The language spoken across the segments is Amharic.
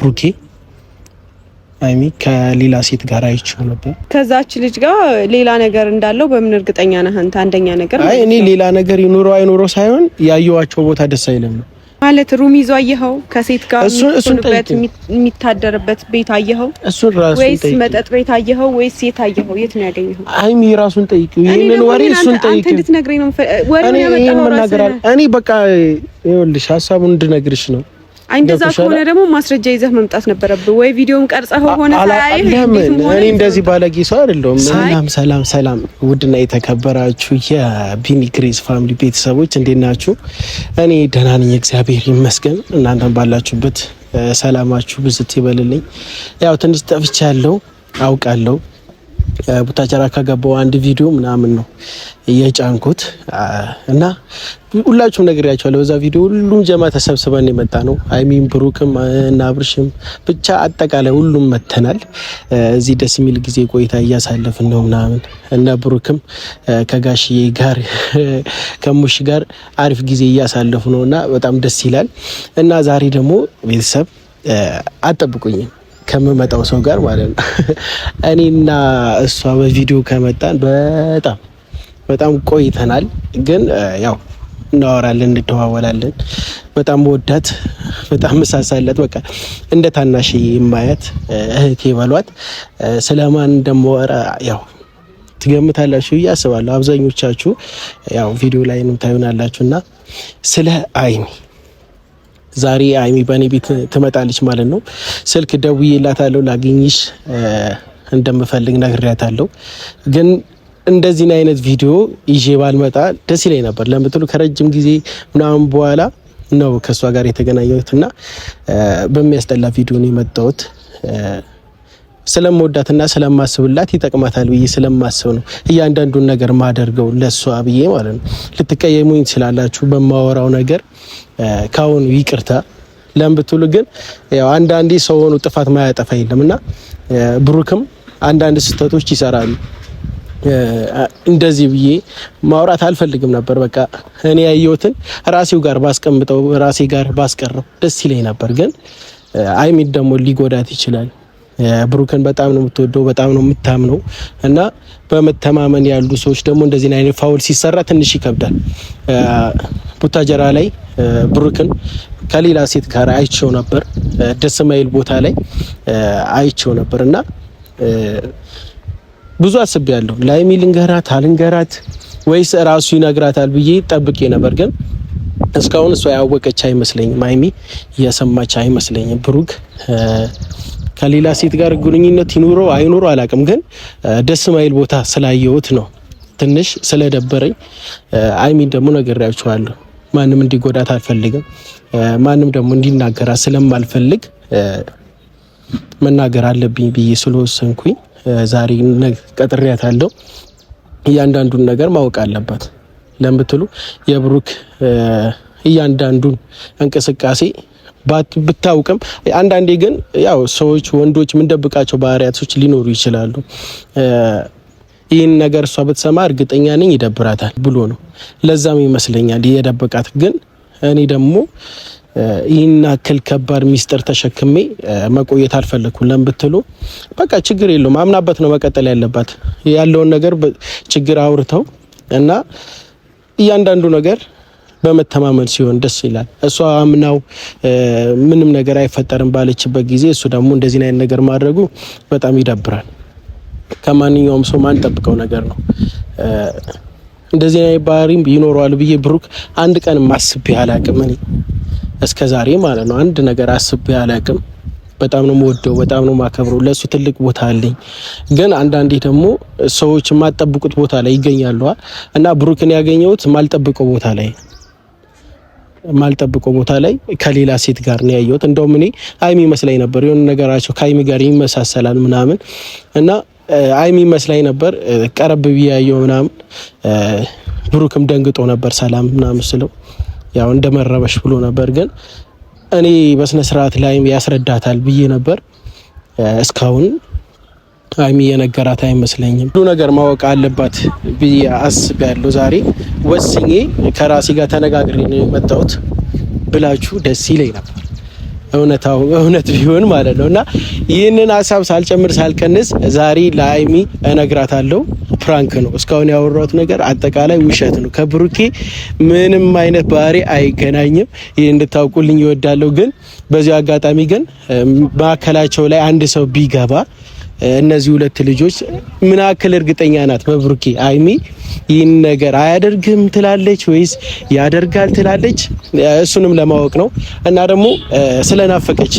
ብሩኬ አይሚ ከሌላ ሴት ጋር አይቼው ነበር። ከዛች ልጅ ጋር ሌላ ነገር እንዳለው በምን እርግጠኛ ነህ አንተ? አንደኛ ነገር አይ እኔ ሌላ ነገር ይኖረው አይኖረው ሳይሆን ያየዋቸው ቦታ ደስ አይልም ነው ማለት ሩም ይዞ አየኸው? ከሴት ጋር የሚሆንበት የሚታደርበት ቤት አየኸው? እሱን ራሱን ወይስ መጠጥ ቤት አየኸው? ወይስ ሴት አየኸው? የት ነው ያገኘኸው? አይሚ ራሱን ጠይቂው፣ ይሄንን ወሬ እሱን ጠይቂው። ልትነግረኝ ነው ወሬ ነው ያመጣው ራሱ። እኔ በቃ ይኸውልሽ ሀሳቡን እንድነግርሽ ነው እንደዛ ከሆነ ደግሞ ማስረጃ ይዘህ መምጣት ነበረብህ፣ ወይ ቪዲዮም ቀርጸህ ሆነ ሳይ። እኔ እንደዚህ ባለጌ ሰው አይደለሁም። ሰላም ሰላም ሰላም! ውድና የተከበራችሁ የቢኒ ግሬስ ፋሚሊ ቤተሰቦች እንዴት ናችሁ? እኔ ደህና ነኝ፣ እግዚአብሔር ይመስገን። እናንተም ባላችሁበት ሰላማችሁ ብዝት ይበልልኝ። ያው ትንሽ ጠፍቻለሁ አውቃለሁ ቡታጀራ ከገባው አንድ ቪዲዮ ምናምን ነው የጫንኩት እና ሁላችሁም ነግሬያቸዋለሁ። በዛ ቪዲዮ ሁሉም ጀማ ተሰብስበን የመጣ ነው። አይሚን ብሩክም እና ብርሽም ብቻ አጠቃላይ ሁሉም መተናል። እዚህ ደስ የሚል ጊዜ ቆይታ እያሳለፍን ነው ምናምን እና ብሩክም ከጋሽዬ ጋር ከሙሽ ጋር አሪፍ ጊዜ እያሳለፉ ነው እና በጣም ደስ ይላል እና ዛሬ ደግሞ ቤተሰብ አጠብቁኝም ከምመጣው ሰው ጋር ማለት ነው። እኔና እሷ በቪዲዮ ከመጣን በጣም በጣም ቆይተናል፣ ግን ያው እናወራለን፣ እንደዋወላለን። በጣም ወዳት፣ በጣም እሳሳለት። በቃ እንደ ታናሽ የማያት እህቴ በሏት። ስለማን እንደማወራ ያው ትገምታላችሁ ብዬ አስባለሁ። አብዛኞቻችሁ ያው ቪዲዮ ላይ ነው እና ስለ አይኒ ዛሬ አይሚ በእኔ ቤት ትመጣለች ማለት ነው። ስልክ ደውዬላታለሁ ላገኝሽ እንደምፈልግ ነግሬያታለሁ። ግን እንደዚህን አይነት ቪዲዮ ይዤ ባልመጣ ደስ ይለኝ ነበር ለምትሉ ከረጅም ጊዜ ምናምን በኋላ ነው ከእሷ ጋር የተገናኘሁት እና በሚያስጠላ ቪዲዮ ነው የመጣሁት። ስለምወዳትና ስለማስብላት ይጠቅማታል ብዬ ስለማስብ ነው እያንዳንዱን ነገር ማደርገው ለሷ ብዬ ማለት ነው። ልትቀየሙኝ ትችላላችሁ በማወራው ነገር ካሁን ይቅርታ ለምብትሉ ግን ያው አንዳንዴ ሰው ሆኖ ጥፋት ማያጠፋ የለም እና ብሩክም አንዳንድ ስህተቶች ይሰራሉ። እንደዚህ ብዬ ማውራት አልፈልግም ነበር። በቃ እኔ ያየሁትን ራሴው ጋር ባስቀምጠው ራሴ ጋር ባስቀረው ደስ ይለኝ ነበር። ግን አይሚት ደግሞ ሊጎዳት ይችላል ብሩክን በጣም ነው የምትወደው፣ በጣም ነው የምታምነው እና በመተማመን ያሉ ሰዎች ደግሞ እንደዚህ አይነት ፋውል ሲሰራ ትንሽ ይከብዳል። ቡታጀራ ላይ ብሩክን ከሌላ ሴት ጋር አይቸው ነበር፣ ደስ ማይል ቦታ ላይ አይቸው ነበር እና ብዙ አስቤያለሁ። ላይሚ ልንገራት አልንገራት ወይስ እራሱ ይነግራታል ብዬ ጠብቄ ነበር ግን እስካሁን እሷ ያወቀች አይመስለኝም። አይሚ እየሰማች አይመስለኝም። ብሩክ ከሌላ ሴት ጋር ግንኙነት ይኑሮ አይኑሮ አላውቅም፣ ግን ደስ ማይል ቦታ ስላየሁት ነው ትንሽ ስለደበረኝ። አይሚን ደግሞ ነግሬያቸዋለሁ። ማንም እንዲጎዳት አልፈልግም። ማንም ደግሞ እንዲናገራ ስለማልፈልግ መናገር አለብኝ ብዬ ስለወሰንኩኝ ዛሬ አለው። እያንዳንዱን ነገር ማወቅ አለባት ለምትሉ የብሩክ እያንዳንዱን እንቅስቃሴ ብታውቅም አንዳንዴ ግን ያው ሰዎች ወንዶች የምንደብቃቸው ባህሪያቶች ሊኖሩ ይችላሉ። ይህን ነገር እሷ ብትሰማ እርግጠኛ ነኝ ይደብራታል ብሎ ነው። ለዛም ይመስለኛል የደበቃት። ግን እኔ ደግሞ ይህን አክል ከባድ ሚስጥር ተሸክሜ መቆየት አልፈለኩም። ለምን ብትሉ በቃ ችግር የለውም አምናበት ነው መቀጠል ያለባት ያለውን ነገር ችግር አውርተው እና እያንዳንዱ ነገር በመተማመን ሲሆን ደስ ይላል። እሷ አምናው ምንም ነገር አይፈጠርም ባለችበት ጊዜ እሱ ደግሞ እንደዚህ አይነት ነገር ማድረጉ በጣም ይደብራል። ከማንኛውም ሰው ማንጠብቀው ነገር ነው። እንደዚህ አይነት ባህሪም ይኖረዋል ብዬ ብሩክ አንድ ቀን አስቤ አላቅም። እኔ እስከ ዛሬ ማለት ነው አንድ ነገር አስቤ አላቅም። በጣም ነው የምወደው፣ በጣም ነው የማከብረው። ለእሱ ትልቅ ቦታ አለኝ። ግን አንዳንዴ ደግሞ ሰዎች የማጠብቁት ቦታ ላይ ይገኛሉ እና ብሩክን ያገኘሁት የማልጠብቀው ቦታ ላይ ማልጠብቀው ቦታ ላይ ከሌላ ሴት ጋር ነው ያየሁት። እንደውም እኔ አይሚ መስላኝ ነበር የሆነ ነገራቸው ከአይሚ ጋር ይመሳሰላል ምናምን እና አይሚ መስላኝ ነበር ቀረብ ብዬ ያየው ምናምን። ብሩክም ደንግጦ ነበር ሰላም ምናምን ስለው ያው እንደመረበሽ ብሎ ነበር። ግን እኔ በስነ ስርዓት ላይ ያስረዳታል ብዬ ነበር እስካሁን ሀይሚ የነገራት አይመስለኝም። ሁሉ ነገር ማወቅ አለባት ብዬ አስቤያለሁ። ዛሬ ወስኜ ከራሴ ጋር ተነጋግሬ ነው የመጣሁት ብላችሁ ደስ ይለኝ ነበር፣ እውነታው እውነት ቢሆን ማለት ነው። እና ይህንን ሀሳብ ሳልጨምር ሳልቀንስ ዛሬ ለሀይሚ እነግራታለሁ። ፕራንክ ነው። እስካሁን ያወራሁት ነገር አጠቃላይ ውሸት ነው። ከብሩኬ ምንም አይነት ባህሪ አይገናኝም። ይህ እንድታውቁልኝ ይወዳለሁ። ግን በዚሁ አጋጣሚ ግን ማዕከላቸው ላይ አንድ ሰው ቢገባ እነዚህ ሁለት ልጆች ምን አክል እርግጠኛ ናት በብሩኬ አይሚ ይህን ነገር አያደርግም ትላለች ወይስ ያደርጋል ትላለች? እሱንም ለማወቅ ነው እና ደግሞ ስለናፈቀች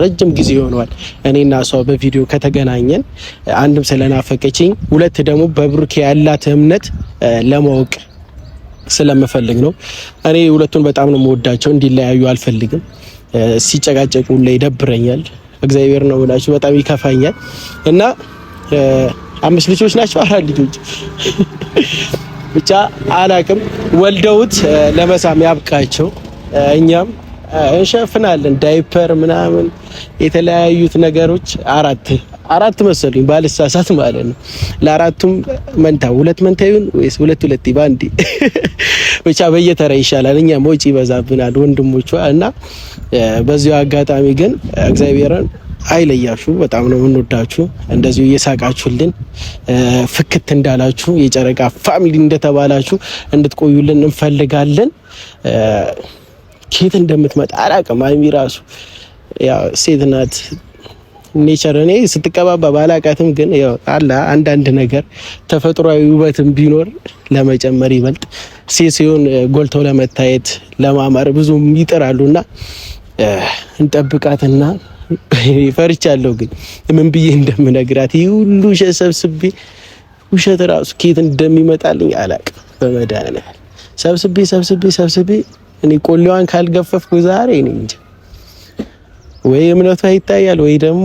ረጅም ጊዜ ሆኗል። እኔና እሷ በቪዲዮ ከተገናኘን አንድም ስለናፈቀችኝ፣ ሁለት ደግሞ በብሩኬ ያላት እምነት ለማወቅ ስለምፈልግ ነው። እኔ ሁለቱን በጣም ነው የምወዳቸው፣ እንዲለያዩ አልፈልግም። ሲጨቃጨቁ ላይ ይደብረኛል። እግዚአብሔር ነው ብላችሁ በጣም ይከፋኛል። እና አምስት ልጆች ናቸው አራት ልጆች ብቻ አላቅም ወልደውት ለመሳም ያብቃቸው። እኛም እንሸፍናለን። ዳይፐር ምናምን የተለያዩት ነገሮች አራት አራት መሰሉኝ ባልሳሳት ማለት ነው። ለአራቱም መንታ ሁለት መንታ ይሁን ወይስ ሁለት ሁለት ባንዲ ብቻ በየተራ ይሻላል። እኛም ወጪ ይበዛብናል ወንድሞቿ እና በዚሁ አጋጣሚ ግን እግዚአብሔርን አይለያችሁ በጣም ነው የምንወዳችሁ። እንደዚሁ እየሳቃችሁልን ፍክት እንዳላችሁ የጨረቃ ፋሚሊ እንደተባላችሁ እንድትቆዩልን እንፈልጋለን። ከየት እንደምትመጣ አላውቅም። ሀይሚ ራሱ ያው ሴት ናት። ኔቸር እኔ ስትቀባባ ባላውቃትም ግን ያው አለ አንዳንድ ነገር ተፈጥሯዊ ውበትም ቢኖር ለመጨመር ይበልጥ ሴት ሲሆን ጎልተው ለመታየት ለማማር ብዙም ይጥራሉና እንጠብቃትና ፈርቻለሁ። ግን ምን ብዬ እንደምነግራት ይህ ሁሉ ውሸት ሰብስቤ ውሸት ራሱ ከየት እንደሚመጣልኝ አላውቅም። በመድኃኒዓለም ሰብስቤ ሰብስቤ ሰብስቤ እኔ ቆሌዋን ካልገፈፍኩ ዛሬ ነኝ እንጂ ወይ እምነቷ ይታያል ወይ ደግሞ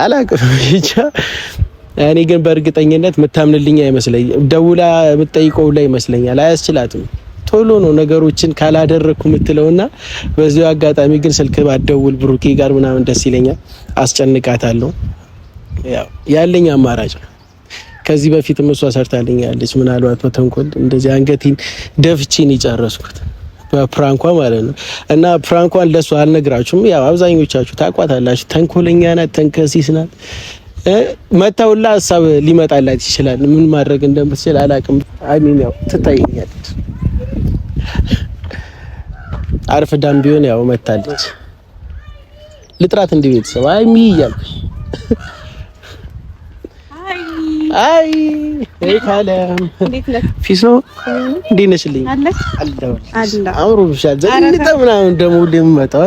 አላቅም ብቻ እኔ ግን በእርግጠኝነት የምታምንልኝ አይመስለኝም። ደውላ የምትጠይቀው ላይ ይመስለኛል። አያስችላትም። ቶሎ ነው ነገሮችን ካላደረግኩ የምትለውና በዚሁ አጋጣሚ ግን ስልክ ባደውል ብሩኬ ጋር ምናምን ደስ ይለኛል። አስጨንቃታለሁ። ያለኝ አማራጭ ከዚህ በፊትም እሷ ሰርታልኛለች። ምናልባት በተንኮል እንደዚህ አንገቴን ደፍቼን የጨረስኩት ፕራንኳ ማለት ነው። እና ፕራንኳን ለሱ አልነግራችሁም። ያው አብዛኞቻችሁ ታቋታላችሁ። ተንኮለኛ ናት፣ ተንከሲስ ናት። መተውላ ሀሳብ ሊመጣላት ይችላል። ምን ማድረግ እንደምትችል አላቅም። አሚን ያው ትታየኛለች። ዳም ቢሆን ያው መታለች። ልጥራት እንዲህ ቤተሰብ አይሚ እያልኩኝ አይ ካለም ፊስ ነው። እንዴት ነሽልኝ? አምሮብሻል። ዘንድ ምናምን ደግሞ ሁሌ የምመጣው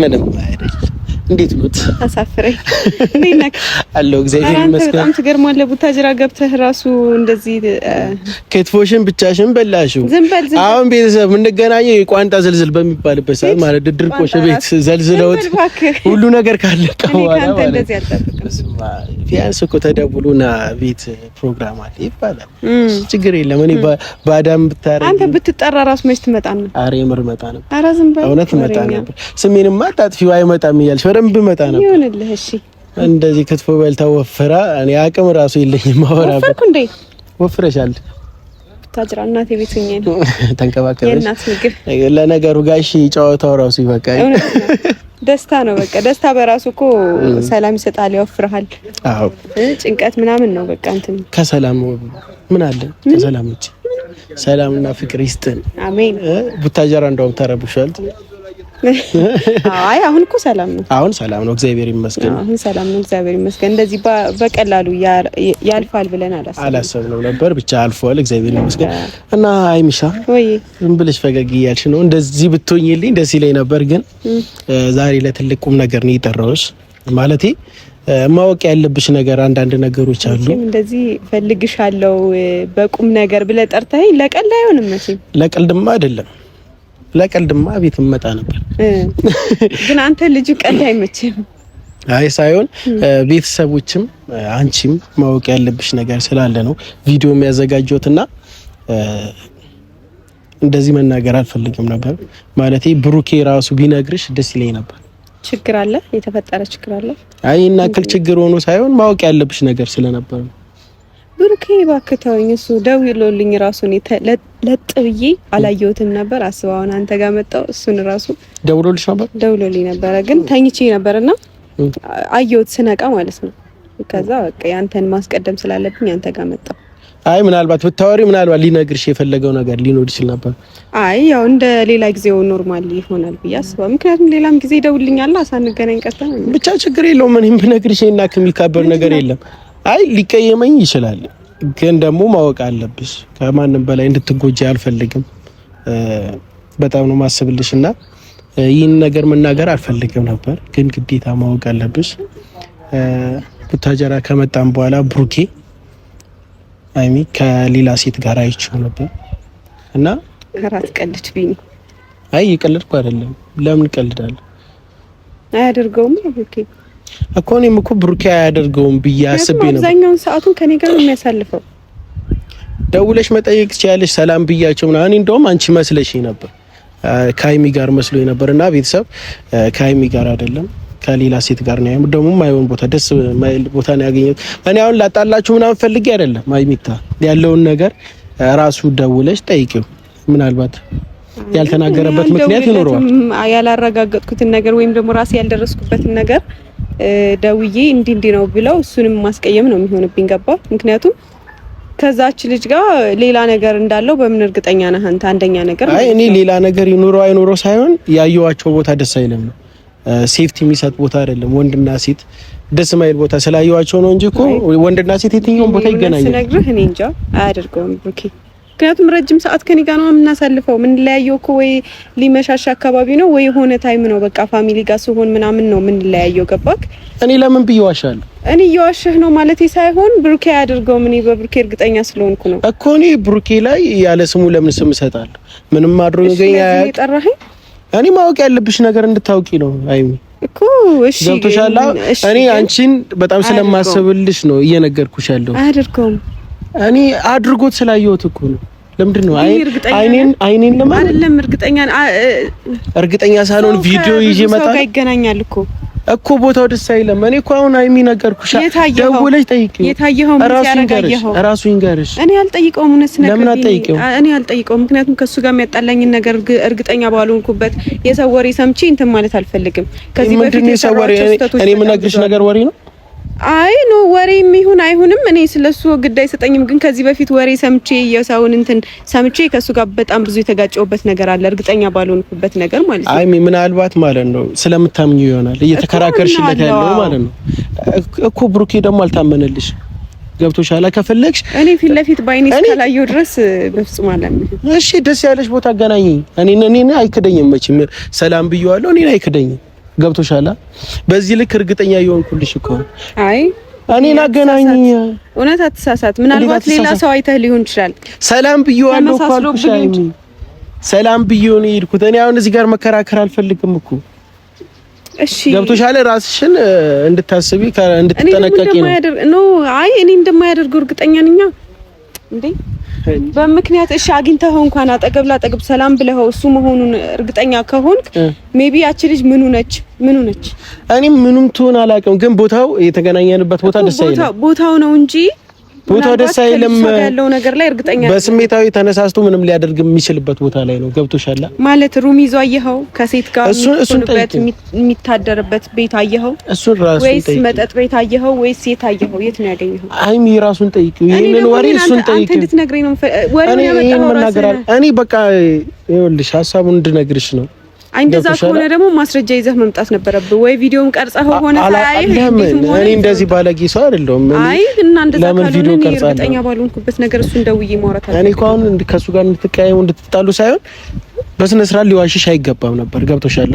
ምንም አይደል እንዴት ነው? አሳፍረኝ አለው። እግዚአብሔር ይመስገን። በጣም ትገርማለህ። ቡታጅራ ገብተህ ራሱ እንደዚህ ክትፎሽን ብቻሽን በላሽው። አሁን ቤተሰብ የምንገናኘው የቋንጣ ዘልዝል በሚባልበት ሰዓት ማለት ድርቆሽ ቤት ዘልዝለውት ሁሉ ነገር ካለቀ በኋላ ማለት ቢያንስ እኮ ተደውሎና ቤት ፕሮግራም አለ ይባላል። ችግር የለም። እኔ ባዳም ብታረ አንተ ብትጠራ ራሱ መች ትመጣ ነበር? ኧረ የምር እመጣ ነበር። ኧረ ዝም በል እውነት እመጣ ነበር። ስሜንማ አታጥፊው አይመጣም እያልሽ በደንብ መጣ ነበር። ይሁንልህ። እሺ እንደዚህ ክትፎ በልታ ወፍራ፣ እኔ አቅም ራሱ የለኝም ማወራበት። ወፍርኩ እንዴ? ወፍረሻል። ታጅራ እናቴ ቤት ሆኜ ነው ተንከባከበሽ። የእናት ምግብ ለነገሩ ጋሺ ጨዋታው ራሱ ይበቃል። ደስታ ነው በቃ ደስታ በራሱ እኮ ሰላም ይሰጣል፣ ያወፍርሃል። አዎ ጭንቀት ምናምን ነው በቃ እንትን ከሰላም ምን አለ ከሰላም ውጭ ሰላምና ፍቅር ይስጥን። አሜን። ቡታጀራ እንደውም ተረብሻል። አይ አሁን እኮ ሰላም ነው። አሁን ሰላም ነው፣ እግዚአብሔር ይመስገን። አሁን ሰላም ነው፣ እግዚአብሔር ይመስገን። እንደዚህ በቀላሉ ያልፋል ብለን አላሰብንም ነበር፣ ብቻ አልፏል፣ እግዚአብሔር ይመስገን። እና አይሚሻ ዝም ብለሽ ፈገግ እያልሽ ነው። እንደዚህ ብትሆኝልኝ ደስ ይለኝ ነበር፣ ግን ዛሬ ለትልቅ ቁም ነገር ነው የጠራሁሽ። ማለቴ ማወቅ ያለብሽ ነገር አንዳንድ ነገሮች አሉ። እንደዚህ አለው በቁም ነገር ብለህ ጠርተኸኝ ለቀልድ አይሆንም መቼም። ለቀልድማ አይደለም ለቀልድማ ቤት መጣ ነበር፣ ግን አንተ ልጅ ቀልድ አይመችም። አይ ሳይሆን ቤተሰቦችም አንቺም ማወቅ ያለብሽ ነገር ስላለ ነው ቪዲዮ ያዘጋጀሁትና እንደዚህ መናገር አልፈልግም ነበር። ማለቴ ብሩኬ ራሱ ቢነግርሽ ደስ ይለኝ ነበር። ችግር አለ፣ የተፈጠረ ችግር አለ። አይ እና ችግር ሆኖ ሳይሆን ማወቅ ያለብሽ ነገር ስለነበር ነው። ብሩኬ እባክህ ተወኝ። እሱ ደውሎልኝ ራሱ ለጥ ብዬ አላየሁትም ነበር። አስበው አሁን አንተ ጋር መጣሁ። እሱን ራሱ ደውሎልሽ ነበር? ደውሎልኝ ነበረ፣ ግን ተኝቼ ነበርና አየሁት ስነቃ ማለት ነው። ከዛ በቃ ያንተን ማስቀደም ስላለብኝ አንተ ጋር መጣሁ። አይ ምናልባት ብታወሪ ምናልባት ሊነግርሽ የፈለገው ነገር ሊኖር ይችል ነበር። አይ ያው እንደ ሌላ ጊዜው ኖርማል ይሆናል ብዬ አስባለሁ። ምክንያቱም ሌላም ጊዜ ይደውልኛል ሳንገናኝ ቀርተን ብቻ ችግር የለውም። እኔም ብነግርሽ እና የሚካበር ነገር የለም አይ ሊቀየመኝ ይችላል፣ ግን ደግሞ ማወቅ አለብሽ ከማንም በላይ እንድትጎጂ አልፈልግም። በጣም ነው ማስብልሽ እና ይህን ነገር መናገር አልፈልግም ነበር፣ ግን ግዴታ ማወቅ አለብሽ። ቡታጀራ ከመጣም በኋላ ብሩኬ አይሚ ከሌላ ሴት ጋር አይቼው ነበር እና ቀልድ አይ የቀልድኩ አይደለም። ለምን ቀልዳለሁ? አያደርገውም ብሩኬ እኮ እኔም እኮ ብሩኬ አያደርገውም ብዬ አስቤ ነው። አብዛኛውን ሰዓቱን ከኔ ጋር ነው የሚያሳልፈው። ደውለሽ መጠየቅ ትችያለሽ። ሰላም ብያቸው ምናምን። እንደውም አንቺ መስለሽ ነበር ከሀይሚ ጋር መስሎ ነበርና ቤተሰብ ከሀይሚ ጋር አይደለም ከሌላ ሴት ጋር ነው። ደግሞ ማይሆን ቦታ ደስ ማይል ቦታ ነው ያገኘሁት። እኔ አሁን ላጣላችሁ ምናምን ፈልጌ አይደለም። ማይሚታ ያለውን ነገር ራሱ ደውለሽ ጠይቂው። ምናልባት ያልተናገረበት ምክንያት ይኖረዋል። ያላረጋገጥኩትን ነገር ወይም ደግሞ ራሴ ያልደረስኩበትን ነገር ደውዬ እንዲ እንዲ ነው ብለው እሱንም ማስቀየም ነው የሚሆንብኝ። ገባ? ምክንያቱም ከዛች ልጅ ጋር ሌላ ነገር እንዳለው በምን እርግጠኛ ነህ አንተ? አንደኛ ነገር አይ እኔ ሌላ ነገር ይኖረው አይኖረው ሳይሆን ያየዋቸው ቦታ ደስ አይልም ነው ሴፍቲ የሚሰጥ ቦታ አይደለም። ወንድና ሴት ደስ ማይል ቦታ ስላየዋቸው ነው እንጂ እኮ ወንድና ሴት የትኛውን ቦታ ይገናኛል። ስነግርህ እኔ እንጃ አያደርገውም ኦኬ ምክንያቱም ረጅም ሰዓት ከኔ ጋር ነው የምናሳልፈው። የምንለያየው እኮ ወይ ሊመሻሻ አካባቢ ነው ወይ የሆነ ታይም ነው፣ በቃ ፋሚሊ ጋር ሲሆን ምናምን ነው የምንለያየው። ገባክ? እኔ ለምን ብዬ ዋሻለሁ? እኔ እየዋሸህ ነው ማለት ሳይሆን ብሩኬ አያድርገውም። እኔ በብሩኬ እርግጠኛ ስለሆንኩ ነው እኮ። እኔ ብሩኬ ላይ ያለ ስሙ ለምን ስም እሰጣለሁ? ምንም አድሮ ገኝ እኔ ማወቅ ያለብሽ ነገር እንድታውቂ ነው አይሚ እኮ እሺ፣ ገብቶሻል። እኔ አንቺን በጣም ስለማስብልሽ ነው እየነገርኩሽ ያለሁ። አያደርገውም እኔ አድርጎት ስላየሁት እኮ ነው። ለምንድን ነው አይኔን አይኔን ለማን አይደለም፣ እርግጠኛ እርግጠኛ ሳልሆን ቪዲዮ ይዤ መጣሁ። ይገናኛል እኮ እኮ ቦታው ደስ አይለም። እኔ እኮ አሁን አይሚ ነገርኩሽ፣ ደውለሽ ጠይቂው። እራሱ ይንገርሽ። እኔ አልጠይቀውም፣ እውነት ስነግርሽ ለምን አልጠይቀውም? እኔ አልጠይቀውም፣ ምክንያቱም ከሱ ጋር የሚያጣላኝን ነገር እርግጠኛ ባልሆንኩበት የሰው ወሬ ሰምቼ እንትን ማለት አልፈልግም። ከዚህ በፊት የሰው ወሬ እኔ የምነግርሽ ነገር ወሬ ነው አይ ኖ ወሬ የሚሆን አይሁንም። እኔ ስለሱ ግድ አይሰጠኝም። ግን ከዚህ በፊት ወሬ ሰምቼ የሰውን እንትን ሰምቼ ከሱ ጋር በጣም ብዙ የተጋጨውበት ነገር አለ። እርግጠኛ ባልሆንኩበት ነገር ማለት ነው። አይ ምናልባት ማለት ነው ስለምታምኙ ይሆናል እየተከራከርሽለት ያለው ማለት ነው እኮ። ብሩኬ ደግሞ አልታመነልሽ ገብቶሻል። ከፈለግሽ እኔ ፊት ለፊት ባይኔ እስካላየው ድረስ በፍጹም አላምንም። እሺ ደስ ያለሽ ቦታ አገናኘኝ። እኔ እኔ አይክደኝም መቼም ሰላም ብየዋለሁ። እኔ አይክደኝም ገብቶሻል። በዚህ ልክ እርግጠኛ የሆንኩልሽ እኮ አይ እኔን አገናኝ። እውነት አትሳሳት። ምናልባት ሌላ ሰው አይተህ ሊሆን ይችላል። ሰላም ብዬዋለሁ እኮ አልኩሽ። ሰላም ብዬው ነው የሄድኩት። እኔ አሁን እዚህ ጋር መከራከር አልፈልግም እኮ እሺ ገብቶሻል። ራስሽን እንድታስቢ እንድትጠነቀቂ ነው። አይ እኔ እንደማያደርገው እርግጠኛ ነኝ እንዴ በምክንያት እሺ፣ አግኝተኸው እንኳን አጠገብ ላጠገብ ሰላም ብለኸው እሱ መሆኑን እርግጠኛ ከሆንክ ሜቢ ያቺ ልጅ ምኑ ነች ምኑ ነች? እኔም ምኑም ትሆን አላውቅም፣ ግን ቦታው የተገናኘንበት ቦታ ደስ ይላል ቦታው ነው እንጂ ቦታ ደስ አይልም ያለው ነገር ላይ እርግጠኛ በስሜታዊ ተነሳስቶ ምንም ሊያደርግ የሚችልበት ቦታ ላይ ነው። ገብቶሻል ማለት ሩም ይዞ አየኸው፣ ከሴት ጋር እሱንበት የሚታደርበት ቤት አየኸው፣ እሱን ራሱን ወይስ መጠጥ ቤት አየኸው፣ ወይስ ሴት አየኸው? የት ነው ያገኘኸው? አይም ራሱን ጠይቅ። ይሄንን ወሬ እሱን ጠይቅ። አንተ ልትነግረኝ ነው ወሬ ነው ያመጣው ራሱ እኔ በቃ ይኸውልሽ ሀሳቡን እንድነግርሽ ነው እንደዛ ከሆነ ደግሞ ማስረጃ ይዘህ መምጣት ነበረብህ፣ ወይ ቪዲዮም ቀርጸህ ሆነ እኔ እንደዚህ ባለጌ ሰው አይደለሁም። አይ እና እንደዛ ካልሆነ እኔ እርግጠኛ ባልሆንኩበት ነገር እሱን ደውዬ ማውራት አለ። እኔ እኮ አሁን ከእሱ ጋር እንድትቀያየው እንድትጣሉ ሳይሆን በስነ ስርዓት ሊዋሽሽ አይገባም ነበር። ገብቶሻል?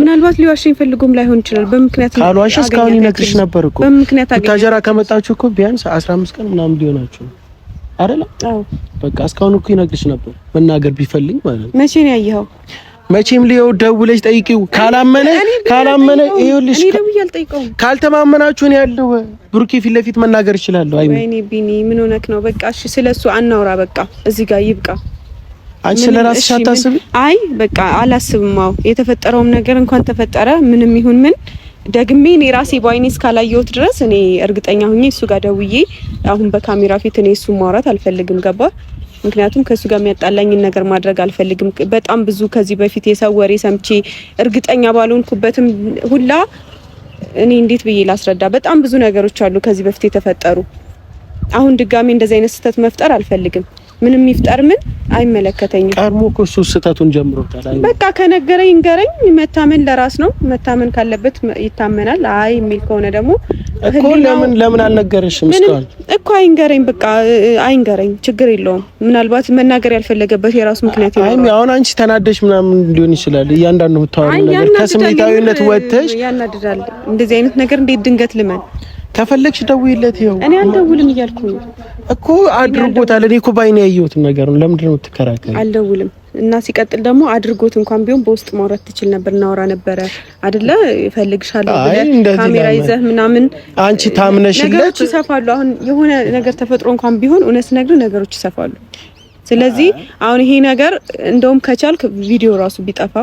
ምናልባት ሊዋሽኝ ፈልጎም ላይሆን ይችላል። በምክንያት ካልዋሽ እስካሁን ይነግርሽ ነበር እኮ። በምክንያት ታጀራ ከመጣችሁ እኮ ቢያንስ 15 ቀን ምናምን ሊሆናችሁ አይደለም? አዎ በቃ እስካሁን እኮ ይነግርሽ ነበር መናገር ቢፈልግ ማለት ነው። መቼ ነው ያየኸው? መቼም ሊዮ ደውለሽ ጠይቂው። ካላመነ ካላመነ ይኸውልሽ፣ ካልተማመናችሁ ነው ያለው። ብሩኬ ፊት ለፊት መናገር እችላለሁ። አይ ወይኔ ቢኒ ምን ሆነክ ነው? በቃ እሺ፣ ስለሱ አናውራ። በቃ እዚህ ጋር ይብቃ። አንቺ ለራስሽ አታስቢ። አይ በቃ አላስብም። አዎ የተፈጠረውም ነገር እንኳን ተፈጠረ፣ ምንም ይሁን ምን ደግሜ እኔ ራሴ በአይኔ እስካላየሁት ድረስ እኔ እርግጠኛ ሁኜ እሱ ጋር ደውዬ አሁን በካሜራ ፊት እኔ እሱ ማውራት አልፈልግም። ገባ ምክንያቱም ከእሱ ጋር የሚያጣላኝን ነገር ማድረግ አልፈልግም። በጣም ብዙ ከዚህ በፊት የሰው ወሬ ሰምቼ እርግጠኛ ባልሆንኩበትም ሁላ እኔ እንዴት ብዬ ላስረዳ? በጣም ብዙ ነገሮች አሉ ከዚህ በፊት የተፈጠሩ። አሁን ድጋሜ እንደዚህ አይነት ስህተት መፍጠር አልፈልግም። ምንም ይፍጠር ምን አይመለከተኝም። ቀድሞ እኮ እሱ ስህተቱን ጀምሮታል። በቃ ከነገረኝ ንገረኝ። መታመን ለራስ ነው። መታመን ካለበት ይታመናል። አይ የሚል ከሆነ ደግሞ እኮ ለምን ለምን አልነገረሽም? ስቷል እኮ አይንገረኝ፣ በቃ አይንገረኝ፣ ችግር የለውም። ምናልባት መናገር ያልፈለገበት የራሱ ምክንያት ይሆናል። አይ አሁን አንቺ ተናደሽ ምናምን ሊሆን ይችላል። እያንዳንዱ የምታወሪው ነገር ከስሜታዊነት ወጥተሽ ያናድዳል። እንደዚህ አይነት ነገር እንዴት ድንገት ልመን ከፈለግሽ ደውይለት። ይኸው እኔ አልደውልም እያልኩ እኮ አድርጎታል። እኔ እኮ ባይኔ ያየሁት ነገር ነው። ለምንድን ነው የምትከራከሪው? አልደውልም እና ሲቀጥል ደግሞ አድርጎት እንኳን ቢሆን በውስጥ ማውራት ትችል ነበር፣ እናወራ ነበረ አይደለ? እፈልግሻለሁ ብለህ ካሜራ ይዘህ ምናምን አንቺ ታምነሽለት ነገሮች ይሰፋሉ። አሁን የሆነ ነገር ተፈጥሮ እንኳን ቢሆን እውነት ስነግርህ ነገሮች ይሰፋሉ። ስለዚህ አሁን ይሄ ነገር እንደውም ከቻልክ ቪዲዮ ራሱ ቢጠፋ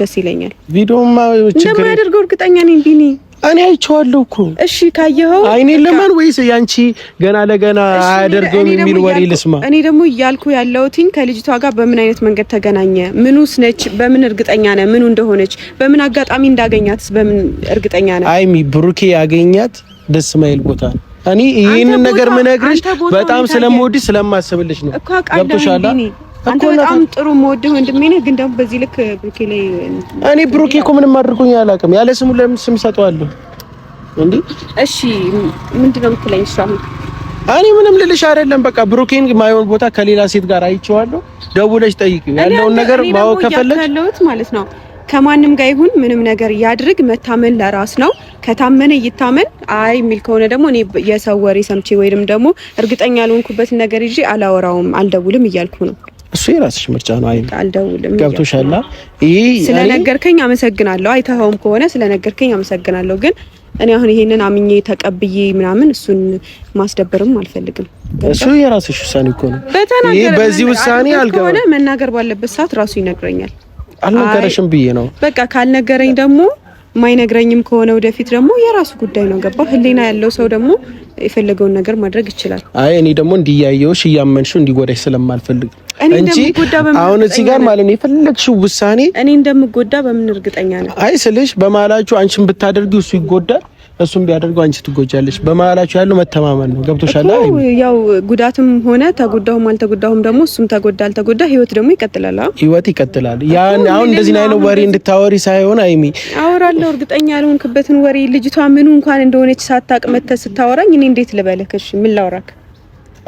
ደስ ይለኛል። ቪዲዮማ ችግር እንደማያደርገው እርግጠኛ ነኝ ቢኒ እኔ አይቼዋለሁ እኮ። እሺ ካየኸው አይኔ ለማን ወይስ ያንቺ ገና ለገና አያደርገውም የሚል ወሬ ልስማ። እኔ ደግሞ እያልኩ ያለሁትኝ ከልጅቷ ጋር በምን አይነት መንገድ ተገናኘ? ምኑስ ነች? በምን እርግጠኛ ነህ? ምኑ እንደሆነች በምን አጋጣሚ እንዳገኛትስ በምን እርግጠኛ ነህ? አይሚ ብሩኬ ያገኛት ደስ ማይል ቦታ እኔ ይህንን ነገር ምነግርሽ በጣም ስለምወድሽ ስለማስብልሽ ነው። ገብቶሻል? አንተ በጣም ጥሩ የምወደው ወንድሜ ነህ፣ ግን ደግሞ በዚህ ልክ ብሩኬ ላይ እኔ ብሩኬ እኮ ምንም አድርጎኝ አላውቅም። ያለ ስሙ ለምን ስም ሰጠዋለሁ እንዴ? እሺ ምንድን ነው የምትለኝ? ሻም እኔ ምንም ልልሽ አይደለም። በቃ ብሩኬን ማይሆን ቦታ ከሌላ ሴት ጋር አይቼዋለሁ። ደውለሽ ጠይቂው ያለውን ነገር ማወቅ ከፈለግሽ ማለት ነው። ከማንም ጋር ይሁን ምንም ነገር ያድርግ፣ መታመን ለራስ ነው። ከታመነ ይታመን። አይ የሚል ከሆነ ደግሞ እኔ የሰው ወሬ ሰምቼ ወይም ደግሞ እርግጠኛ ያልሆንኩበትን ነገር ይዤ አላወራውም፣ አልደውልም እያልኩ ነው። እሱ የራስሽ ምርጫ ነው። አይ አልደውልም። ገብቶሻል። ይሄ ስለነገርከኝ አመሰግናለሁ። አይተኸውም ከሆነ ስለነገርከኝ አመሰግናለሁ። ግን እኔ አሁን ይሄንን አምኜ ተቀብዬ ምናምን እሱን ማስደበርም አልፈልግም። እሱ የራስሽ ውሳኔ እኮ ነው። በዚህ ውሳኔ አልገባ መናገር ባለበት ሰዓት ራሱ ይነግረኛል። አልነገረሽም ብዬ ነው። በቃ ካልነገረኝ ደግሞ ማይነግረኝም ከሆነ ወደፊት ደግሞ የራሱ ጉዳይ ነው። ገባ ህሊና ያለው ሰው ደግሞ የፈለገውን ነገር ማድረግ ይችላል። አይ እኔ ደግሞ እንዲያየውሽ እያመንሽው እንዲጎዳሽ ስለማልፈልግ እንጂ አሁን እዚህ ጋር ማለት ነው የፈለግሽው ውሳኔ እኔ እንደምጎዳ በምን እርግጠኛ ነው? አይ ስልሽ በማላችሁ አንቺን ብታደርጊ እሱ ይጎዳል እሱም ቢያደርገው አንቺ ትጎጃለሽ። በመሀላችሁ ያለው መተማመን ነው። ገብቶሻል? ያው ጉዳትም ሆነ ተጎዳሁም አልተጎዳሁም ደግሞ እሱም ተጎዳ አልተጎዳ ህይወት ደግሞ ይቀጥላል። ህይወት ይቀጥላል። ያን አሁን እንደዚህ አይነት ወሬ እንድታወሪ ሳይሆን አይሚ አወራለሁ። እርግጠኛ ያልሆንክበትን ወሬ ልጅቷ ምኑ እንኳን እንደሆነች ሳታቅ መተህ ስታወራኝ እኔ እንዴት ልበለክሽ? ምን ላውራክ?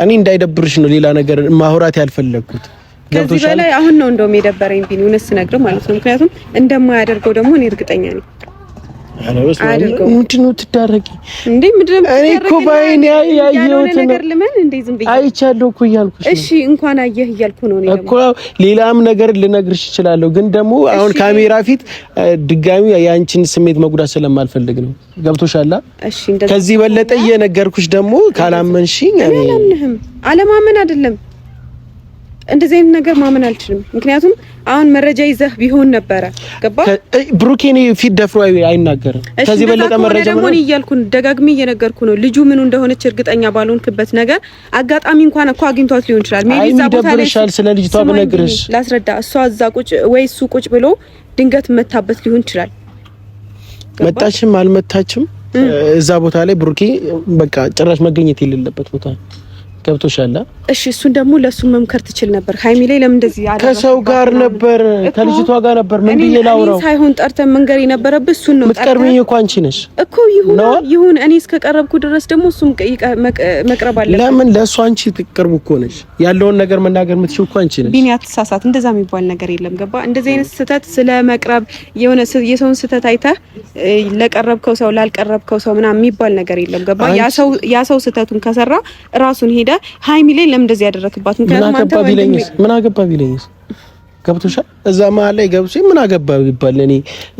እኔ እንዳይደብርሽ ነው ሌላ ነገር ማውራት ያልፈለግኩት። ከዚህ በላይ አሁን ነው እንደውም የደበረኝ ቢኒ እውነት ስነግረው ማለት ነው። ምክንያቱም እንደማያደርገው ደግሞ እኔ እርግጠኛ ነኝ። ምንድን ነው ትዳረቂ እንዴ? ምንድን ነው እኔ እኮ ባይኔ ያየሁት ነገር ለምን እንዴ ዝም ብዬ አይቻለሁ እኮ እያልኩሽ። እሺ እንኳን አየህ እያልኩ ነው እኮ። ሌላም ነገር ልነግርሽ እችላለሁ፣ ግን ደግሞ አሁን ካሜራ ፊት ድጋሚ የአንቺን ስሜት መጉዳት ስለማልፈልግ ነው። ገብቶሻል? እሺ ከዚህ በለጠ እየነገርኩሽ ደግሞ ካላመንሽኝ፣ አለማመን አይደለም እንደዚህ አይነት ነገር ማመን አልችልም። ምክንያቱም አሁን መረጃ ይዘህ ቢሆን ነበረ ገባ ብሩኬ ፊት ደፍሮ አይናገርም። ከዚህ በለጠ መረጃ ምን እኔ እያልኩ ደጋግሜ እየነገርኩ ነው። ልጁ ምኑ እንደሆነች እርግጠኛ ባልሆንክበት ነገር አጋጣሚ እንኳን እኮ አግኝቷት ሊሆን ይችላል። ሜቢ እዛ ቦታ ላይ ስለ ልጅቷ ብነግርሽ ላስረዳ። እሷ እዛ ቁጭ ወይ እሱ ቁጭ ብሎ ድንገት መታበት ሊሆን ይችላል። መጣችም አልመታችም እዛ ቦታ ላይ ብሩኬ በቃ ጭራሽ መገኘት የሌለበት ቦታ ነው። ገብቶሻል። እሺ እሱን ደግሞ ለሱ መምከር ትችል ነበር። ሀይሚ ላይ ለምን እንደዚህ ያለ ከሰው ጋር ነበር፣ ከልጅቷ ጋር ነበር። ምን ብዬ ላውራው ሳይሆን ጠርተን መንገር የነበረብህ እሱን ነው። የምትቀርብኝ እኮ አንቺ ነሽ እኮ። ይሁን ይሁን፣ እኔ እስከ ቀረብኩ ድረስ ደግሞ እሱም መቅረብ አለበት። ለምን ለእሱ አንቺ ትቅርቡ እኮ ነሽ። ያለውን ነገር መናገር የምትችል እኮ አንቺ ነሽ። ቢኒ አትሳሳት፣ እንደዛ የሚባል ነገር የለም። ገባ? እንደዚህ አይነት ስህተት ስለ መቅረብ የሆነ የሰውን ስህተት አይተህ ለቀረብከው ሰው ላልቀረብከው ሰው ምናምን የሚባል ነገር የለም። ገባ? ያ ሰው ስህተቱን ከሰራ ራሱን ሄደ ሄደ ሀይሚ ላይ ለምን እንደዚህ ያደረክባት? ምክንያቱም አንተ ምን አገባ ቢለኝስ ገብቶሻል። እዛ መሀል ላይ ገብቶ ምን አገባ ይባል? እኔ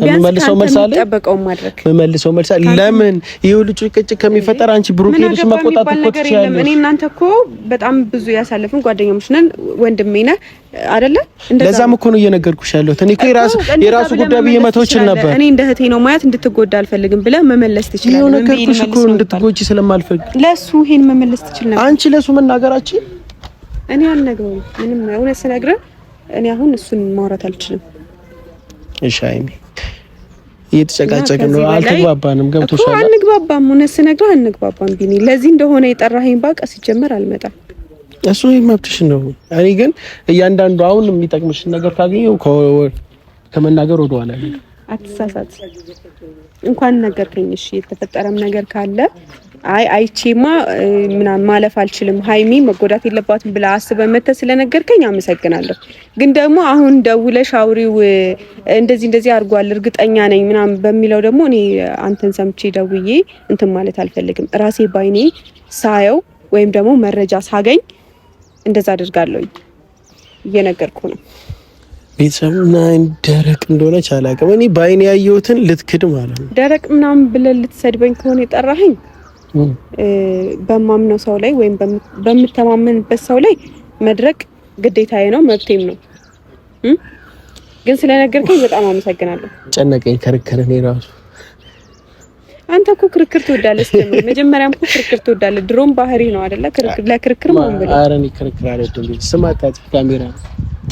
የምመልሰው መልስ አለ የምመልሰው መልስ አለ። ለምን ይሄ ሁሉ ጭቅጭቅ ከሚፈጠር አንቺ ብሩክ ሄድሽ መቆጣት እኮ ትችያለሽ። እኔ እናንተ እኮ በጣም ብዙ ያሳለፍን ጓደኛሞች ነን። ወንድሜ ነህ አይደለ? ለዛም እኮ ነው እየነገርኩሽ ያለሁት። እኔ እኮ የራሱ የራሱ ጉዳይ ብዬ መተው እችል ነበር። እኔ እንደ እህቴ ነው ማየት እንድትጎዳ አልፈልግም ብለህ መመለስ ትችላለህ። ይሄው ነገርኩሽ እኮ እንድትጎጂ ስለማልፈልግ ለሱ ይሄን መመለስ ትችል ነበር። አንቺ ለሱ መናገራችን እኔ አልነግረውም ምንም እውነት ስነግረን እኔ አሁን እሱን ማውራት አልችልም። እሺ ሀይሚ፣ እየተጨቃጨቅን ነው፣ አልተግባባንም። ገብቶሻል? አንግባባም፣ እውነት ስነግርህ አንግባባም። ቢኒ፣ ለዚህ እንደሆነ የጠራኸኝ ባውቅ ሲጀመር አልመጣም። እሱ መብትሽ ነው። እኔ ግን እያንዳንዱ አሁን የሚጠቅምሽን ነገር ካገኘው ከመናገር ወደኋላ አትሳሳት። እንኳን ነገርከኝ። እሺ የተፈጠረም ነገር ካለ አይ አይቼማ ምናምን ማለፍ አልችልም፣ ሀይሚ መጎዳት የለባትም ብላ አስበ መተ ስለነገርከኝ አመሰግናለሁ። ግን ደግሞ አሁን ደውለሽ አውሪው እንደዚህ እንደዚህ አድርጓል እርግጠኛ ነኝ ምናምን በሚለው ደግሞ እኔ አንተን ሰምቼ ደውዬ እንትን ማለት አልፈልግም። ራሴ ባይኔ ሳየው ወይም ደግሞ መረጃ ሳገኝ እንደዛ አድርጋለሁኝ እየነገርኩ ነው። ቤተሰብ ምናምን ደረቅ እንደሆነች አላውቅም። እኔ በአይን ያየሁትን ልትክድ ማለት ነው። ደረቅ ምናምን ብለን ልትሰድበኝ ከሆነ የጠራኸኝ በማምነው ሰው ላይ ወይም በምተማመንበት ሰው ላይ መድረቅ ግዴታዬ ነው፣ መብቴም ነው። ግን ስለነገርከኝ በጣም አመሰግናለሁ። ጨነቀኝ ክርክር። እኔ ራሱ አንተ እኮ ክርክር ትወዳለህ። ስለምን መጀመሪያም እኮ ክርክር ትወዳለህ። ድሮም ባህሪ ነው አይደለ? ክርክር ለክርክር ነው ብለ። ኧረ እኔ ክርክር አልወድም። ስማ፣ ካሜራ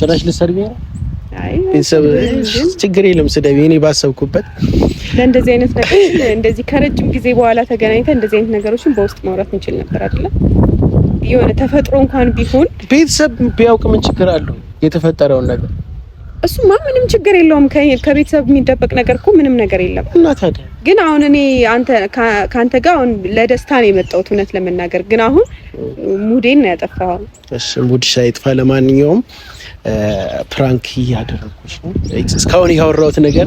ጭራሽ ልትሰርቢኝ ነው ችግር የለም ስደቢ። እኔ ባሰብኩበት ለእንደዚህ አይነት ነገሮች እንደዚህ ከረጅም ጊዜ በኋላ ተገናኝተ እንደዚህ አይነት ነገሮችን በውስጥ ማውራት እንችል ነበር አይደለም። የሆነ ተፈጥሮ እንኳን ቢሆን ቤተሰብ ቢያውቅ ምን ችግር አለው? የተፈጠረውን ነገር እሱማ ምንም ችግር የለውም። ከቤተሰብ የሚደበቅ ነገር እኮ ምንም ነገር የለም። እና ታዲያ ግን አሁን እኔ ከአንተ ጋር አሁን ለደስታ ነው የመጣሁት እውነት ለመናገር ግን አሁን ሙዴን ነው ያጠፋኸው። እሺ ሙድሽ ለማንኛውም ፕራንክ እያደረጉች ነው። እስካሁን ያወራሁት ነገር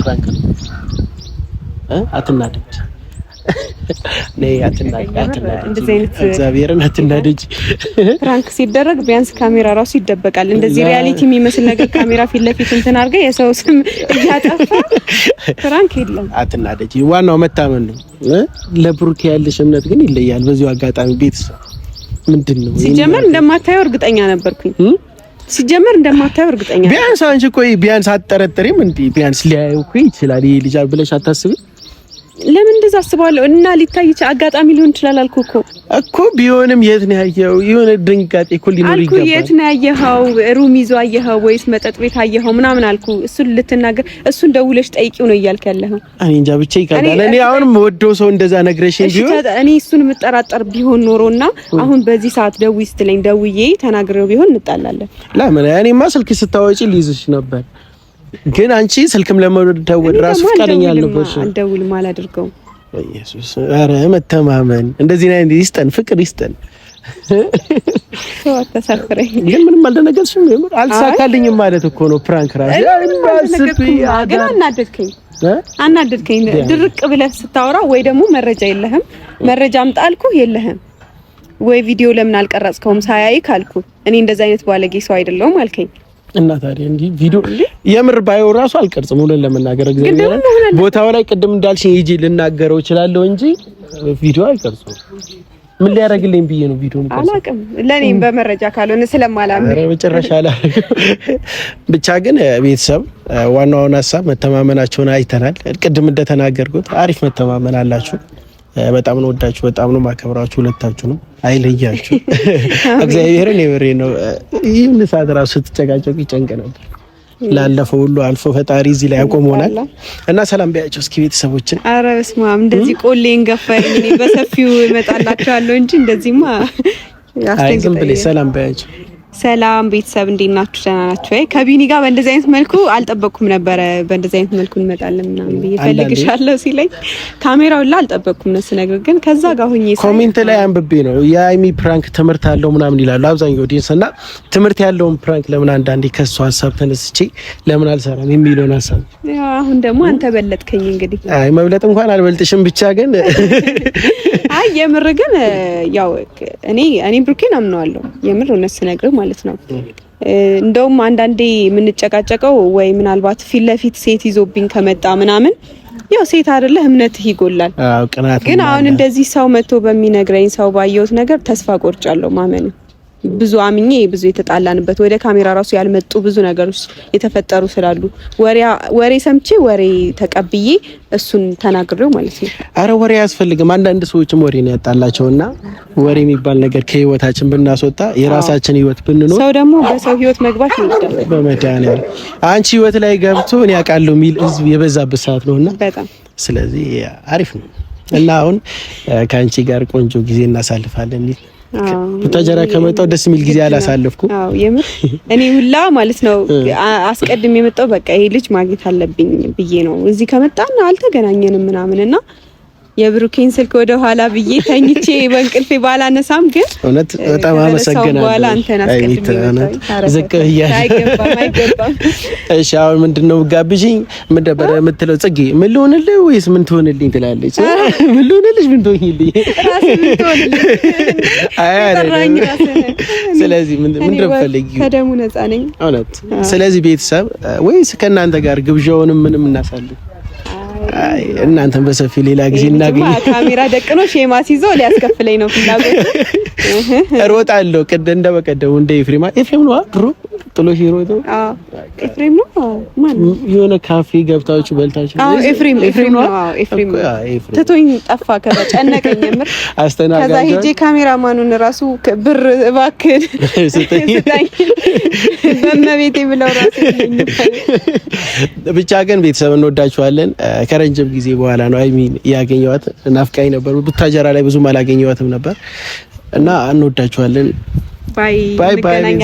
ፕራንክ ነው። አትናደድ፣ እግዚአብሔርን አትናደጅ። ፕራንክ ሲደረግ ቢያንስ ካሜራ ራሱ ይደበቃል። እንደዚህ ሪያሊቲ የሚመስል ነገር ካሜራ ፊት ለፊት እንትን አድርገ የሰው ስም እያጠፋ ፕራንክ የለም። አትናደጅ፣ ዋናው መታመን ነው። ለብሩክ ያለሽ እምነት ግን ይለያል። በዚሁ አጋጣሚ ቤተሰብ ምንድን ነው ሲጀመር እንደማታየው እርግጠኛ ነበርኩኝ። ሲጀመር እንደማታየው እርግጠኛ ቢያንስ አንቺ ቆይ ቢያንስ አትጠረጥሪም እንዴ? ቢያንስ ሊያየው እኮ ይችላል ይሄ ልጅ ብለሽ አታስብም? ለምን እንደዛ አስባለሁ እና ሊታይ አጋጣሚ ሊሆን ይችላል አልኩ እኮ እኮ ቢሆንም የት ነው ያየኸው? የሆነ ድንጋጤ እኮ ሊኖር ይገባል አልኩ። የት ነው ያየኸው? ሩም ይዞ አየኸው ወይስ መጠጥ ቤት አየኸው ምናምን አልኩ። እሱን ልትናገር እሱን ደውለሽ ጠይቂው ነው እያልክ ያለኸው? እኔ እንጃ ብቻ ይቀርዳል። እኔ አሁን ወዶ ሰው እንደዛ ነግረሽ ቢሆን እኔ እሱን የምጠራጠር ቢሆን ኖሮና አሁን በዚህ ሰዓት ደውይ ስትለኝ ደውዬ ተናግሬው ቢሆን እንጣላለን። ለምን እኔማ ስልክ ስታወጪ ሊይዝሽ ነበር ግን አንቺ ስልክም ለመደወል ራሱ ፈቃደኛ አልነበርሽ። አልደውልም፣ አላደርገውም። ኢየሱስ ኧረ መተማመን እንደዚህ ናይ ይስጠን፣ ፍቅር ይስጠን። ግን ምንም አልደነገርሽም? አልተሳካልኝም ማለት እኮ ነው። ፕራንክ ራሱ ግን አናደድከኝ አናደድከኝ። ድርቅ ብለህ ስታወራ ወይ ደግሞ መረጃ የለህም፣ መረጃ አምጣ አልኩህ፣ የለህም ወይ ቪዲዮ ለምን አልቀረጽከውም ሳያይ ካልኩ እኔ እንደዚህ አይነት ባለጌ ሰው አይደለሁም አልከኝ። እና ታዲያ እንዲህ ቪዲዮ የምር ባዮ ራሱ አልቀርጽም። ሁሉን ለመናገር እግዚአብሔር ቦታው ላይ ቅድም እንዳልሽኝ ሂጂ ልናገረው እችላለሁ እንጂ ቪዲዮ አልቀርጽም። ምን ሊያደርግልኝ ብዬ ነው ቪዲዮ አላውቅም። ለኔም በመረጃ ካልሆነ ስለማላምን መጨረሻ ብቻ ግን ቤተሰብ ዋናውን ሀሳብ መተማመናቸውን አይተናል። ቅድም እንደተናገርኩት አሪፍ መተማመን አላችሁ። በጣም ነው ወዳችሁ፣ በጣም ነው ማከብራችሁ። ሁለታችሁ ነው አይለያችሁ። እግዚአብሔርን የበሬ ነው። ይህን ሰዓት ራሱ ስትጨቃጨቁ ይጨንቅ ነበር። ላለፈው ሁሉ አልፎ ፈጣሪ እዚህ ላይ ያቆመናል እና ሰላም ቢያቸው እስኪ ቤተሰቦችን። አረ በስመ አብ እንደዚህ ቆሌን ገፋኝ። እኔ በሰፊው እመጣላችኋለሁ እንጂ እንደዚህማ አይ ዝም ብለሽ ሰላም ቢያቸው ሰላም ቤተሰብ እንዴት ናችሁ? ደህና ናችሁ ወይ? ከቢኒ ጋር በእንደዚህ አይነት መልኩ አልጠበቅኩም ነበረ። በእንደዚህ አይነት መልኩ እንመጣለን ምናምን ብዬ እፈልግሻለሁ ሲለኝ ካሜራውን ላይ አልጠበቅኩም ነው ስነግር፣ ግን ከዛ ጋር ሆኜ ኮሜንት ላይ አንብቤ ነው የሀይሚ ፕራንክ ትምህርት አለው ምናምን ይላሉ አብዛኛው ኦዲየንስ እና ትምህርት ያለውን ፕራንክ ለምን አንዳንዴ ከሱ ሀሳብ ተነስቼ ለምን አልሰራም የሚለውን ሀሳብ አሁን ደግሞ አንተ በለጥከኝ። እንግዲህ አይ መብለጥ እንኳን አልበልጥሽም፣ ብቻ ግን አይ የምር ግን ያው እኔ እኔ ብሩኬን አምነዋለሁ የምር እውነት ስነግር ማለት ማለት ነው። እንደውም አንዳንዴ የምንጨቃጨቀው ወይ ምናልባት ፊት ለፊት ሴት ይዞብኝ ከመጣ ምናምን ያው ሴት አይደለ እምነትህ ይጎላል። ግን አሁን እንደዚህ ሰው መጥቶ በሚነግረኝ ሰው ባየሁት ነገር ተስፋ ቆርጫለሁ ማመን ብዙ አምኜ ብዙ የተጣላንበት ወደ ካሜራ ራሱ ያልመጡ ብዙ ነገሮች የተፈጠሩ ስላሉ ወሬ ሰምቼ ወሬ ተቀብዬ እሱን ተናግሬው ማለት ነው። አረ ወሬ አያስፈልግም። አንዳንድ ሰዎችም ወሬ ነው ያጣላቸውና ወሬ የሚባል ነገር ከህይወታችን ብናስወጣ የራሳችን ህይወት ብንኖር። ሰው ደግሞ በሰው ህይወት መግባት ይወዳል። በመድኃኒዓለም አንቺ ህይወት ላይ ገብቶ እኔ አውቃለሁ የሚል ህዝብ የበዛበት ሰዓት ነውና በጣም ስለዚህ አሪፍ ነው እና አሁን ከአንቺ ጋር ቆንጆ ጊዜ እናሳልፋለን። ቡታጀራ ከመጣው ደስ የሚል ጊዜ አላሳለፍኩ። እኔ ሁላ ማለት ነው አስቀድም የመጣው በቃ ይሄ ልጅ ማግኘት አለብኝ ብዬ ነው። እዚህ ከመጣን አልተገናኘንም ምናምን እና የብሩኬን ስልክ ወደ ኋላ ብዬ ተኝቼ በእንቅልፌ ባላነሳም ግን እውነት በጣም አመሰግናለሁ። በኋላ አንተን ዝቅ ብያለሁ። አይገባም አይገባም። እሺ አሁን ምንድን ነው ጋብዥኝ ምን ነበረ የምትለው? ጽጌ ምን ልሆንልህ ወይስ ምን ትሆንልኝ ትላለች። ምን ልሆንልሽ ምን ትሆኝልኝ? ስለዚህ ምንድን ነው የምትፈልጊው? ከደሙ ነፃ ነኝ እውነት። ስለዚህ ቤተሰብ ወይስ ከእናንተ ጋር ግብዣውንም ምንም እናሳልፍ እናንተን በሰፊ ሌላ ጊዜ እናገኝ። ካሜራ ደቅኖ ሼማ ሲዞ ሊያስከፍለኝ ነው ፍላጎት። እሮጣለሁ እንደ በቀደሙ እንደ ኤፍሬማ ኤፍሬም ነው ድሮ ጥሎ ሂሮ ነው። አዎ ኤፍሬም ነው። ማን የሆነ ካፌ ገብታችሁ በልታችሁ? አዎ ኤፍሬም ኤፍሬም ነው። አዎ ኤፍሬም ትቶኝ ጠፋ። ከዛ ጨነቀኝ የምር አስተናጋጅ። ከዛ ሂጄ ካሜራማኑን ራሱ ብር እባክህ ስጠኝ በመቤቴ ብለው ራሱ ብቻ። ግን ቤተሰብ እንወዳችኋለን። ከረጅም ጊዜ በኋላ ነው አይሚን ሚን ያገኘኋት። ናፍቃኝ ነበር። ቡታጀራ ላይ ብዙም አላገኘኋትም ነበር እና እንወዳችኋለን። ባይ ባይ ባይ።